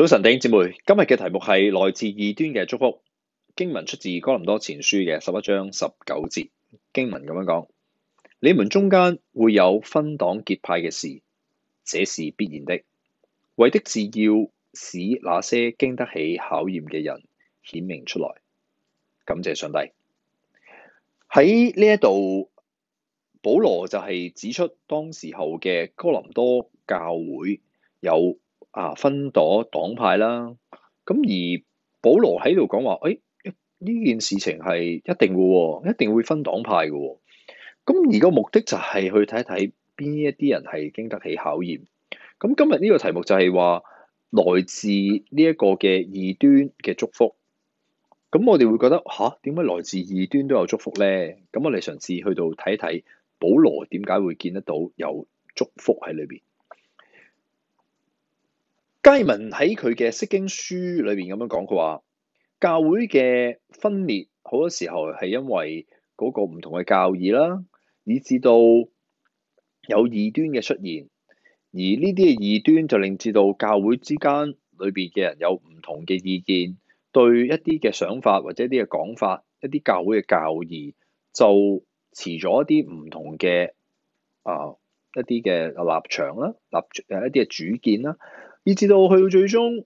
早晨，弟兄姊妹，今日嘅題目係來自異端嘅祝福。經文出自哥林多前書嘅十一章十九節。經文咁樣講：你們中間會有分黨結派嘅事，這是必然的，為的是要使那些經得起考驗嘅人顯明出來。感謝上帝。喺呢一度，保羅就係指出當時候嘅哥林多教會有。啊，分咗黨派啦，咁而保羅喺度講話，誒、哎，呢件事情係一定嘅，一定會分黨派嘅，咁而個目的就係去睇一睇邊一啲人係經得起考驗。咁今日呢個題目就係話，來自呢一個嘅異端嘅祝福。咁我哋會覺得吓，點、啊、解來自異端都有祝福咧？咁我哋嘗試去到睇一睇保羅點解會見得到有祝福喺裏邊。佳文喺佢嘅釋經書裏邊咁樣講，佢話教會嘅分裂好多時候係因為嗰個唔同嘅教義啦，以至到有異端嘅出現，而呢啲嘅異端就令至到教會之間裏邊嘅人有唔同嘅意見，對一啲嘅想法或者一啲嘅講法，一啲教會嘅教義就持咗一啲唔同嘅啊一啲嘅立場啦，立誒一啲嘅主見啦。以至到去到最終，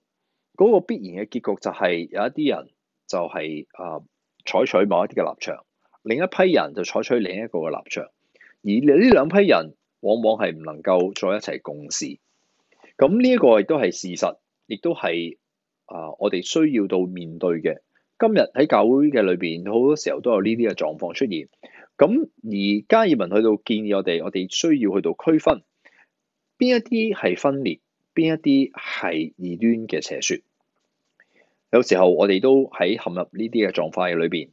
嗰、那個必然嘅結局就係有一啲人就係、是、啊、呃、採取某一啲嘅立場，另一批人就採取另一個嘅立場，而呢兩批人往往係唔能夠再一齊共事。咁呢一個亦都係事實，亦都係啊我哋需要到面對嘅。今日喺教會嘅裏邊，好多時候都有呢啲嘅狀況出現。咁而加爾文去到建議我哋，我哋需要去到區分邊一啲係分裂。邊一啲係異端嘅邪說？有時候我哋都喺陷入呢啲嘅狀況嘅裏邊。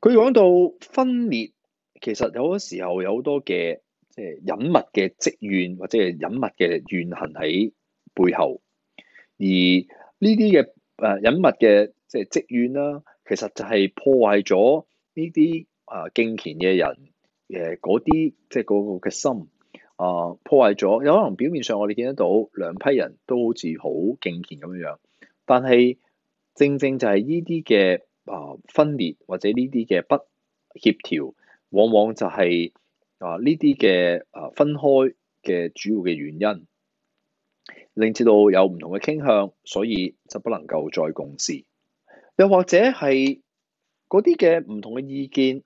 佢講到分裂，其實有好多時候有好多嘅即係隱密嘅積怨或者係隱密嘅怨恨喺背後。而呢啲嘅誒隱密嘅即係積怨啦，其實就係破壞咗呢啲啊敬虔嘅人誒嗰啲即係嗰個嘅心。啊！破壞咗有可能表面上我哋見得到兩批人都好似好敬虔咁樣，但係正正就係呢啲嘅啊分裂或者呢啲嘅不協調，往往就係啊呢啲嘅啊分開嘅主要嘅原因，令至到有唔同嘅傾向，所以就不能夠再共事。又或者係嗰啲嘅唔同嘅意見，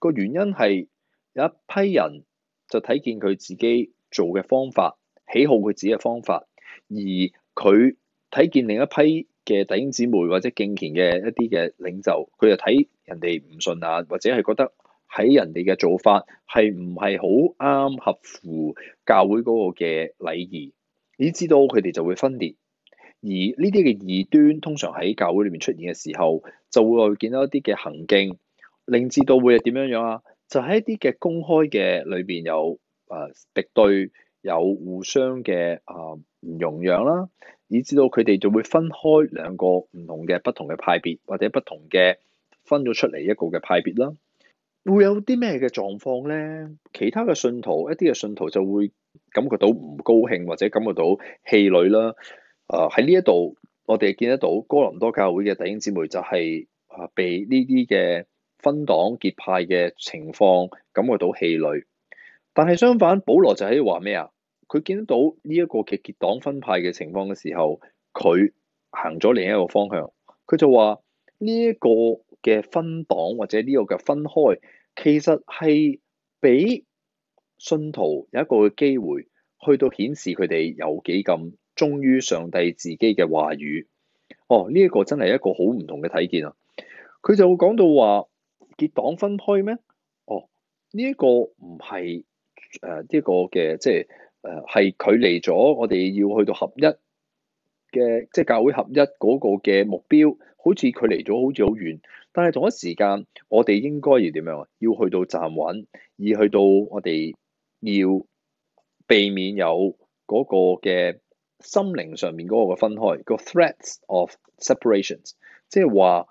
個原因係有一批人，就睇見佢自己做嘅方法，喜好佢自己嘅方法，而佢睇見另一批嘅弟兄姊妹或者敬虔嘅一啲嘅領袖，佢就睇人哋唔順眼，或者係覺得喺人哋嘅做法係唔係好啱合乎教會嗰個嘅禮儀，你知道，佢哋就會分裂。而呢啲嘅異端通常喺教會裏面出現嘅時候，就會見到一啲嘅行徑，令至到會係點樣樣啊？就喺一啲嘅公開嘅裏邊有誒敵對，有互相嘅啊唔容讓啦，以至到佢哋就會分開兩個唔同嘅不同嘅派別，或者不同嘅分咗出嚟一個嘅派別啦。會有啲咩嘅狀況咧？其他嘅信徒，一啲嘅信徒就會感覺到唔高興，或者感覺到氣餒啦。誒喺呢一度，我哋見得到哥林多教會嘅弟兄姊妹就係啊被呢啲嘅。分黨結派嘅情況，感覺到氣餒。但係相反，保羅就喺度話咩啊？佢見到呢一個嘅結黨分派嘅情況嘅時候，佢行咗另一個方向。佢就話呢一個嘅分黨或者呢個嘅分開，其實係俾信徒有一個嘅機會去到顯示佢哋有幾咁忠於上帝自己嘅話語。哦，呢一個真係一個好唔同嘅睇見啊！佢就會講到話。結黨分開咩？哦，呢一個唔係誒呢個嘅，即係誒係距離咗我哋要去到合一嘅，即係教會合一嗰個嘅目標，好似佢離咗好似好遠。但係同一時間，我哋應該要點樣啊？要去到站穩，而去到我哋要避免有嗰個嘅心靈上面嗰個嘅分開，嗰個 threats of separations，即係話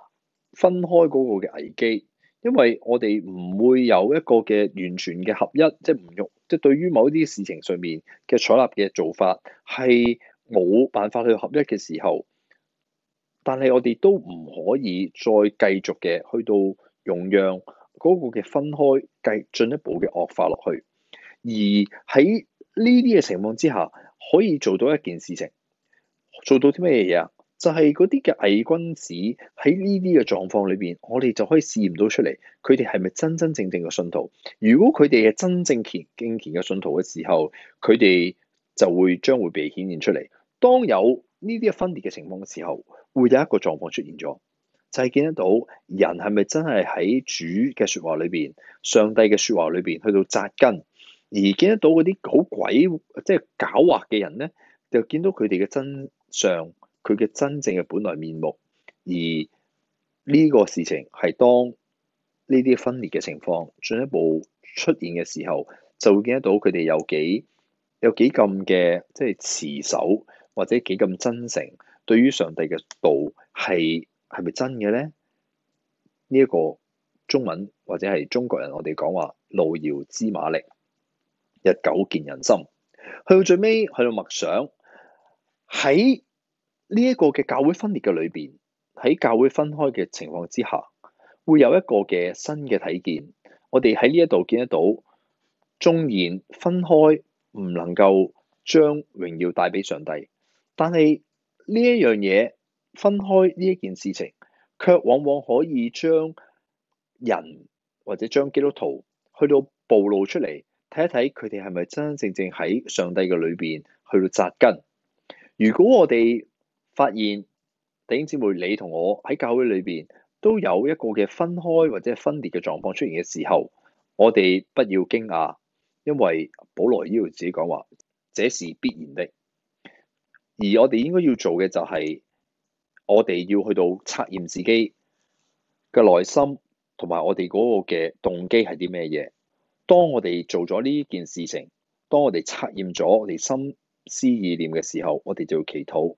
分開嗰個嘅危機。因為我哋唔會有一個嘅完全嘅合一，即係唔用，即係對於某啲事情上面嘅採納嘅做法係冇辦法去合一嘅時候，但係我哋都唔可以再繼續嘅去到容讓嗰個嘅分開，繼進一步嘅惡化落去。而喺呢啲嘅情況之下，可以做到一件事情，做到啲咩嘢啊？就係嗰啲嘅偽君子喺呢啲嘅狀況裏邊，我哋就可以試驗到出嚟，佢哋係咪真真正正嘅信徒？如果佢哋係真正虔敬虔嘅信徒嘅時候，佢哋就會將會被顯現出嚟。當有呢啲嘅分裂嘅情況嘅時候，會有一個狀況出現咗，就係、是、見得到人係咪真係喺主嘅説話裏邊、上帝嘅説話裏邊去到扎根，而見得到嗰啲好鬼即係、就是、狡猾嘅人咧，就見到佢哋嘅真相。佢嘅真正嘅本來面目，而呢個事情係當呢啲分裂嘅情況進一步出現嘅時候，就會見得到佢哋有幾有幾咁嘅即係持守，或者幾咁真誠，對於上帝嘅道係係咪真嘅咧？呢、這、一個中文或者係中國人，我講，我哋講話路遙知馬力，日久見人心。去到最尾，去到默想喺。呢一個嘅教會分裂嘅裏邊，喺教會分開嘅情況之下，會有一個嘅新嘅睇見。我哋喺呢一度見得到，縱然分開唔能夠將榮耀帶俾上帝，但係呢一樣嘢分開呢一件事情，卻往往可以將人或者將基督徒去到暴露出嚟，睇一睇佢哋係咪真真正正喺上帝嘅裏邊去到扎根。如果我哋，發現弟兄姊妹，你同我喺教會裏邊都有一個嘅分開或者分裂嘅狀況出現嘅時候，我哋不要驚訝，因為保羅呢度自己講話，這是必然的。而我哋應該要做嘅就係、是，我哋要去到測驗自己嘅內心，同埋我哋嗰個嘅動機係啲咩嘢？當我哋做咗呢件事情，當我哋測驗咗我哋心思意念嘅時候，我哋就要祈禱。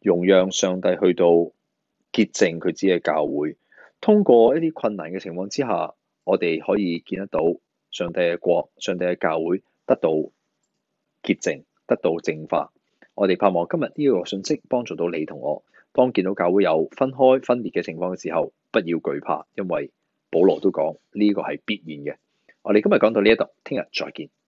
容讓上帝去到潔淨佢自己嘅教會，通過一啲困難嘅情況之下，我哋可以見得到上帝嘅國、上帝嘅教會得到潔淨、得到淨化。我哋盼望今日呢個信息幫助到你同我，當見到教會有分開、分裂嘅情況嘅時候，不要懼怕，因為保羅都講呢個係必然嘅。我哋今日講到呢一度，聽日再見。